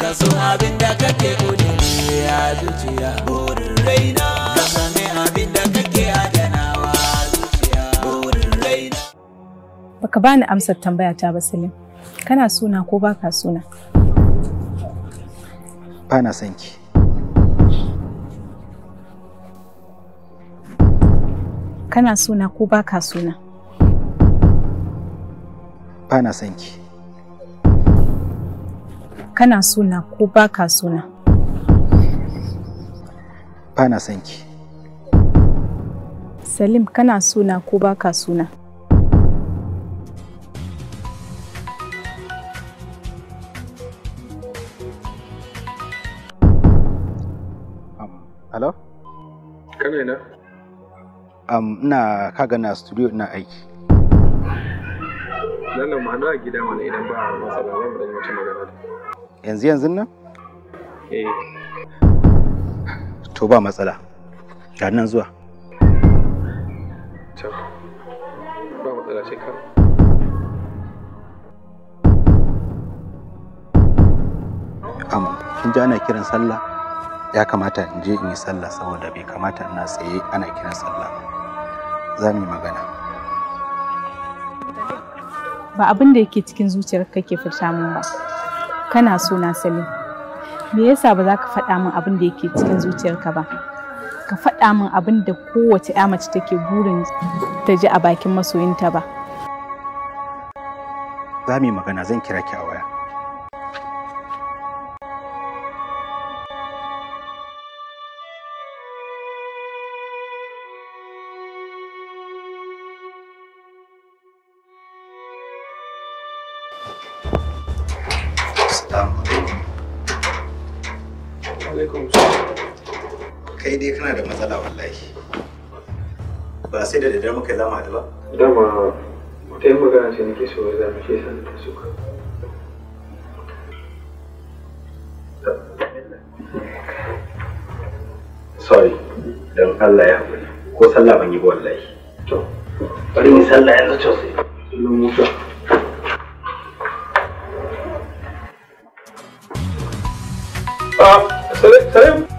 ka abin da kake kudiri ya zuciya burin raina ka sami abin da kake adanawa zuciya burin raina baka bani amsar tambaya ta ba Salim kana suna ko baka suna bana son ki kana suna ko baka suna ba na son ki kana suna ko ba ka suna ba na son ki salim kana suna ko ba ka suna um, Hello? Kana ina? Um, ina kaga na studio ina aiki. mu haɗu a gida mana idan ba matsala mu dan magana. Yanzu yanzu nan? Eh. To ba matsala. Ga nan zuwa. To. Ba matsala sai ka. Am, kin ji ana kiran sallah? Ya kamata in je in yi sallah saboda bai kamata ina tsaye ana kiran sallah Za mu yi magana. ba abin da yake cikin zuciyar kake furta min ba kana so na sani me yasa ba za ka faɗa min abin da yake cikin zuciyar ka ba ka faɗa min abin da kowace ya mace take burin ta ji a bakin masoyinta ba za mu yi magana zan kira ki a waya Kai dai kana da matsala wallahi. Ba sai da daddare muka zama da ba? Dama ta yi magana ce nake so ya zama shi sanar da suka. Sorry, don Allah ya haƙuri. Ko sallah ban yi ba wallahi. To, bari mu sallah yanzu stop. Salute, salute.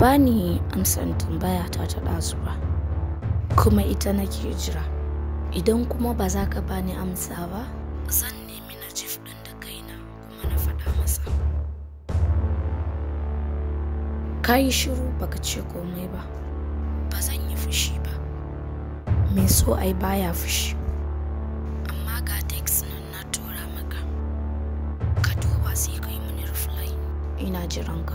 bani amsan tambaya ta ta ɗazu ba kuma ita nake jira idan kuma ba za ka bani amsa ba zan nemi na jif ɗin da kaina kuma na faɗa masa ka yi shiru baka ce komai ba ba zan yi fushi ba mai so ai baya fushi amma ga text nan na tura maka ka duba sai ka yi mini reply ina jiranka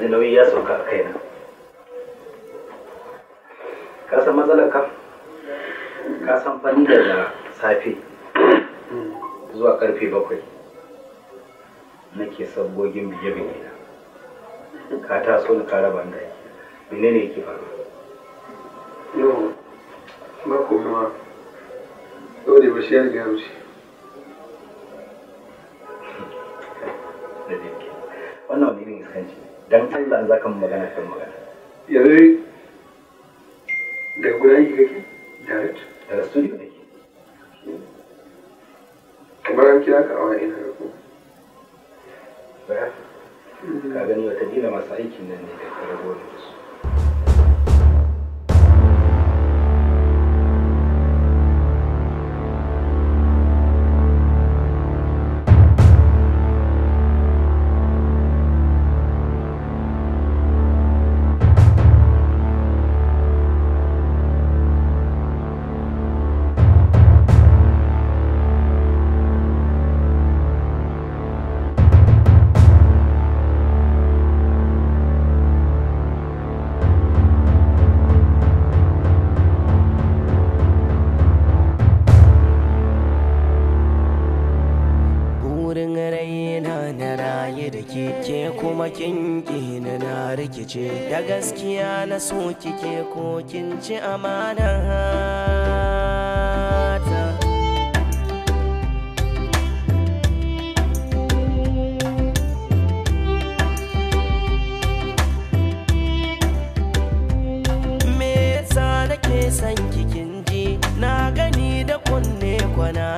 ji nauyi ya sauka a kaina ka san matsalar ka ka san fani daga safe zuwa karfe bakwai nake sabogin bige-bige ka taso ni kara ban da menene yake faru yau ba komai ma dole ba shi ya riga ya dan Allah za ka magana kan magana yanzu da guda yi kake direct da studio ne. kamar an kira ka a wani ina ko ka gani wata masu aikin nan ne da ka rabuwa da su kin na na rikice da gaskiya na so kike ko kin ci amana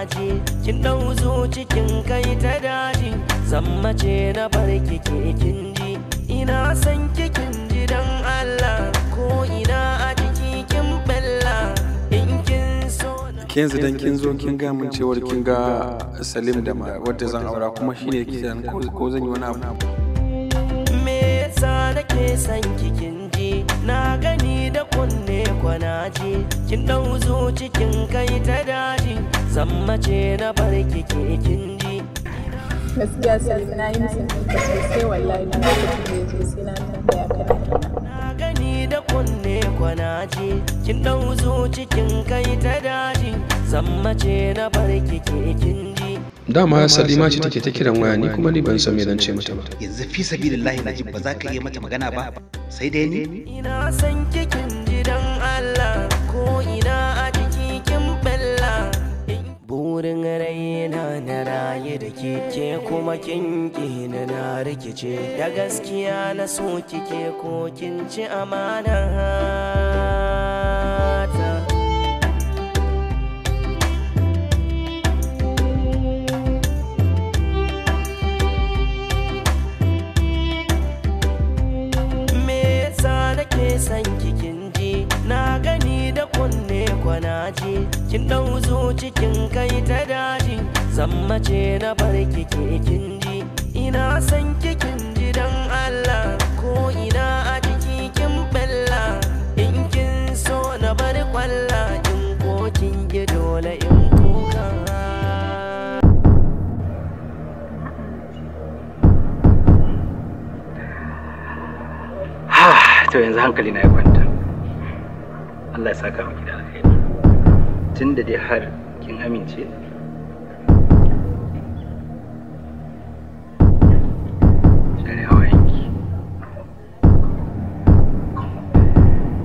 ji kin dau cikin kai ta daji ce na barki ke kin ji ina san kikin ji dan Allah ko ina a jiki kin balla in kin so kin dan kin zo kin ga mun cewar kin ga Salim da wadda zan aura kuma shine kin ko zan yi wani abu me yasa nake san kikin na gani da kunne kwanaci kin dau cikin kai ta daji sammace na barki ke kin ji gaskiya sai na yi musu sosai wallahi na na gani da kunne kwanaci kin dau cikin kai ta daji sammace na barki ke kin ji dama salima ce take ta kiran waya ni kuma ni ban san me zan ce mata ba yanzu fi sabilillahi najib ba za ka iya mata magana ba sai dai ni ina san kikin gidan Allah ko ina a cikin balla burin raina na raye da kike kuma kin na na rikice da gaskiya na so kike ko kin ci amana kin ɗauzo cikin kai ta daji zammace na barki ke kin ji ina san kikin ji dan Allah ko ina a jiki kin bella in kin so na bar kwalla in ko kin ji dole in kuka to yanzu hankali na ya kwanta Allah ya saka mu tun da dai har kin amince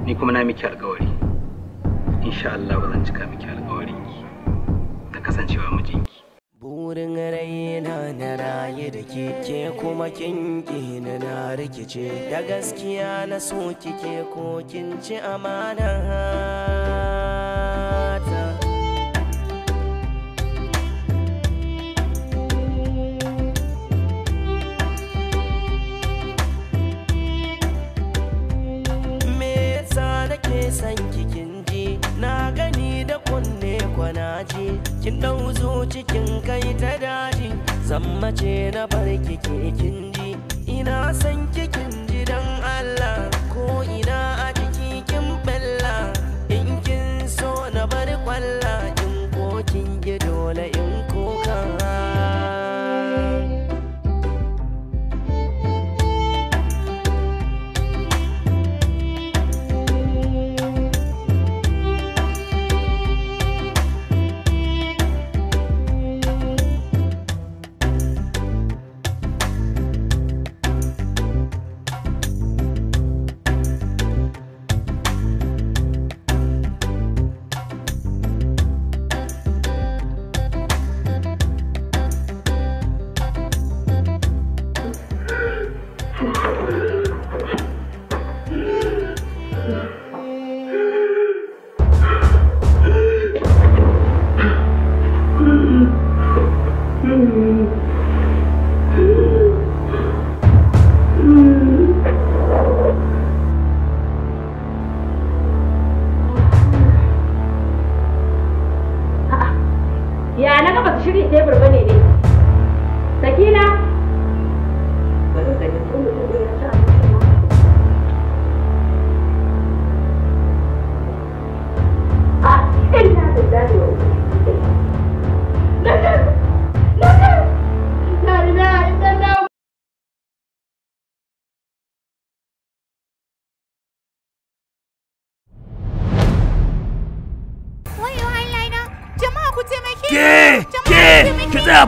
ni kuma na miki alkawari insha Allah ba zan cika miki alkawarin ki da kasancewa mijinki burin raina na raye da keke kuma ki na na rikice da gaskiya na so kike ko kin ci amana dace kin dau cikin kai ta daji sammace na barki ke kin ji ina san kikin ji dan Allah ko ina a jiki kin bella in kin so na bar kwalla mm-hmm.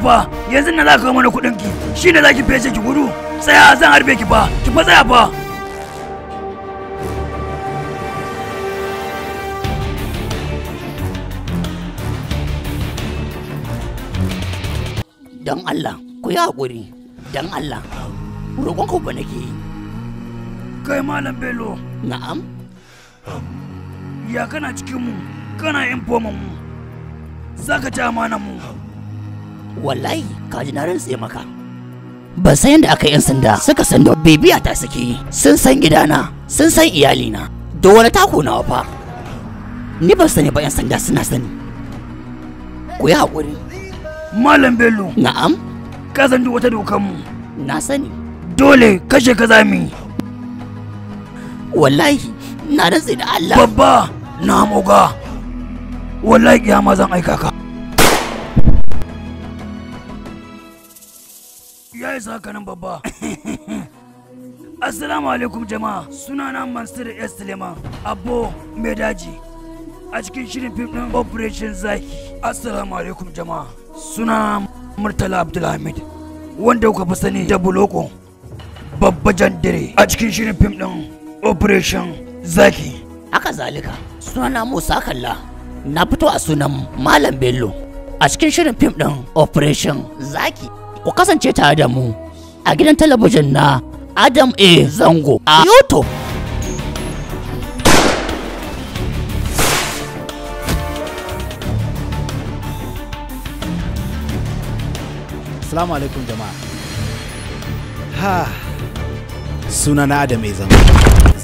fa yanzu na za ka mana kuɗin ki shi ne za ki fece ki gudu tsaya zan harbe ki fa ki fa tsaya fa dan Allah ku yi haƙuri dan Allah roƙon ku ba nake yi kai malam bello na'am ya kana cikin mu kana yin mu za ka ci amanan mu wallahi kaji na rantse maka ban san yadda aka yan sanda suka san da bibiya ta suke sun san gidana sun san iyalina da wani tako nawa fa ni ban sani ba yan sanda suna sani ku yi haƙuri malam bello na'am ka san duk wata dokar mu na sani dole kashe ka zami wallahi na rantse da Allah babba na muga wallahi kiyama zan aika ka kai haka babba assalamu alaikum jama'a sunana mansur s suleiman mai daji a cikin shirin fim ɗin. operation zaki assalamu alaikum jama'a suna murtala abdulhamid wanda kuka fi sani da buloko babba jandire a cikin shirin fim ɗin. operation zaki haka zalika sunana musa kalla na fito a sunan malam bello a cikin shirin fim ɗin. operation zaki ku kasance tare da mu a gidan talabijin na Adam A. Zango a YouTube. Assalamu alaikum jama'a. Ha suna na Adam A. Zango.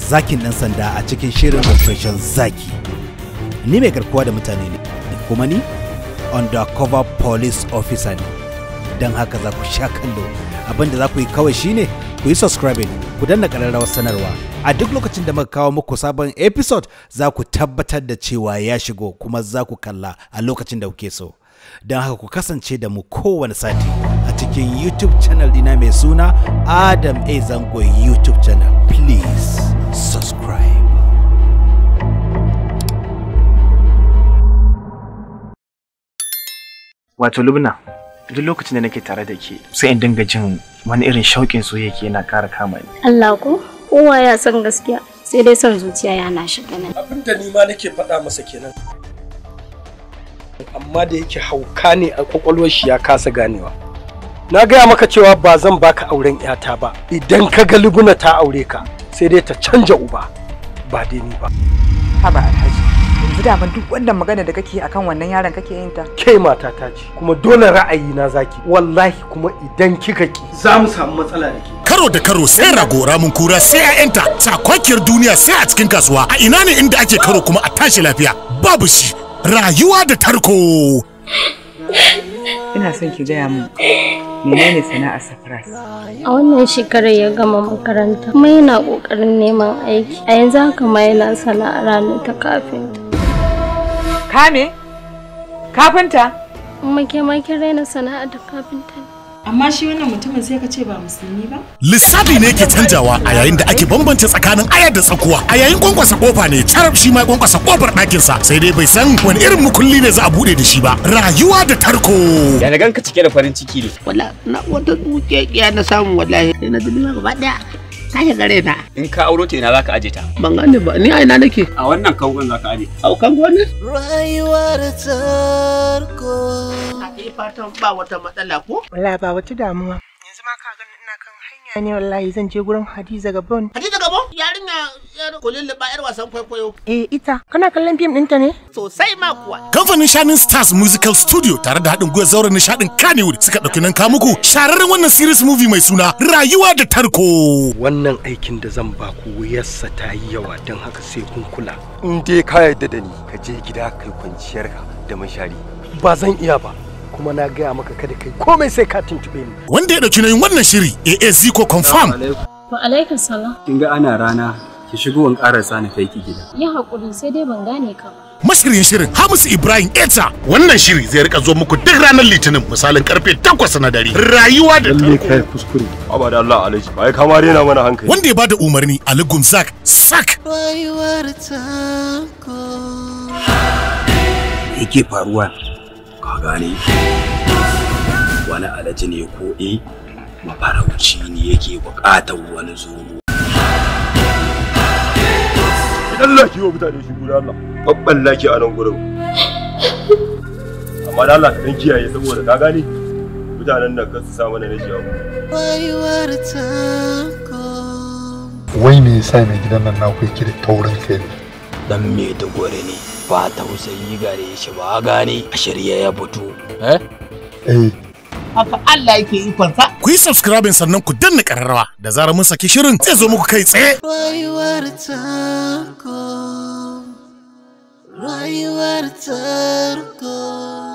Zakin ɗan sanda a cikin shirin Operation Zaki. Ni mai garkuwa da mutane ne, kuma ni undercover police officer ne. don haka za ku sha kallo abinda za ku yi kawai shine ku yi subscribing ku danna ƙararrawar sanarwa a duk lokacin da muka kawo muku sabon episode za ku tabbatar da cewa ya shigo kuma za ku kalla a lokacin da kuke so don haka ku kasance da mu kowane sati a cikin youtube channel dina mai suna adam a zango youtube channel please subscribe wato lubna duk lokacin da nake tare da ke sai in dinga jin wani irin shauƙin soyayya yana ƙara kama ni Allah ko kowa ya san gaskiya sai dai son zuciya yana shiga nan abin da ni ma nake faɗa masa kenan amma da yake hauka ne a kwakwalwar shi ya kasa ganewa na gaya maka cewa ba zan baka auren yata ba idan ka ga libuna ta aure ka sai dai ta canja uba ba dai ni ba haba alhaji yanzu daman duk wannan magana da kake akan wannan yaron kake yin ta ke mata ta ce kuma dole ra'ayi na zaki wallahi kuma idan kika ki za mu samu matsala da ke karo da karo sai rago ramin kura sai a yanta sakwakiyar duniya sai a cikin kasuwa a ina ne inda ake karo kuma a tashi lafiya babu shi rayuwa da tarko ina son ki gaya min menene sana'a safras a wannan shekarar ya gama makaranta kuma yana kokarin neman aiki a yanzu haka ma yana sana'ar ranar ta kafinta Kame? Kafinta? Muke raina sana'a da kafinta amma shi wannan mutumin sai ka ce ba musulmi ba lissafi ne ke canjawa a yayin da ake bambanta tsakanin ayar da tsakuwa a yayin kwankwasa kofa ne carab shi ma kwankwasa kofar ɗakin sa sai dai bai san wani irin mukulli ne za a bude da shi ba rayuwa da tarko ya da ganka cike da farin ciki ne wala na wata dukiya na samu wallahi na dubi gaba daya sake gare ta. In ka auro ta ina za ka aje ta. Ban gane ba ni a ina nake. A wannan kangon za ka aje. A kangon ne? Rayuwar tarko. A fatan ba wata matsala ko? Wala ba wata damuwa. Yanzu ma ka gani ne wallahi zan je gurin Hadiza Gabon. Hadiza Gabon? Yarinya yar liba yar wasan kwaikwayo. Eh ita, kana kallon fim ɗinta ne? Sosai ma kuwa. Kamfanin Shining Stars Musical Studio tare da haɗin gwiwar zauren nishaɗin Kannywood suka ɗauki nan ka muku shararren wannan series movie mai suna Rayuwa da Tarko. Wannan aikin da zan ba ku wuyarsa ta yi yawa don haka sai kun kula. In dai ka yarda da ni ka je gida kai kwanciyarka da mashari. Ba zan iya ba. kuma na gaya maka kada kai komai sai ka tuntube ni wanda ya dauki nayin wannan shiri AAC ko confirm wa alaikum salam kin ga ana rana ki shigo in karasa ni kai ki gida ya hakuri sai dai ban gane ka ba mashiryin shirin Hamisu Ibrahim Eta. Wannan shiri zai rika zo muku duk ranar Litinin misalin karfe 8 na dare. Rayuwa da tarko. kai kuskure. Abada Allah alaji. Bai kama rena mana hankali. Wanda ya bada umarni Ali Gumzak Sak. Rayuwar tarko. Yake faruwa gane wani alaji ne ko e mafarauci ne yake bukatar wani zomo idan laki wa mutane shi guda Allah babban laki a nan gurin amma da Allah ka dan kiyaye saboda ka gane mutanen da kansu sa mana rashi abu wai me yasa mai gidan nan na yake da taurin kai dan me ta gore ne ba tausayi gare shi ba gane a shirye ya fito eh, eh. haka Allah yake sa. ku yi subscribe sannan ku danna kararrawa da zarar mun saki shirin zai zo muku kai tsaye rayuwar tarko rayuwar tarko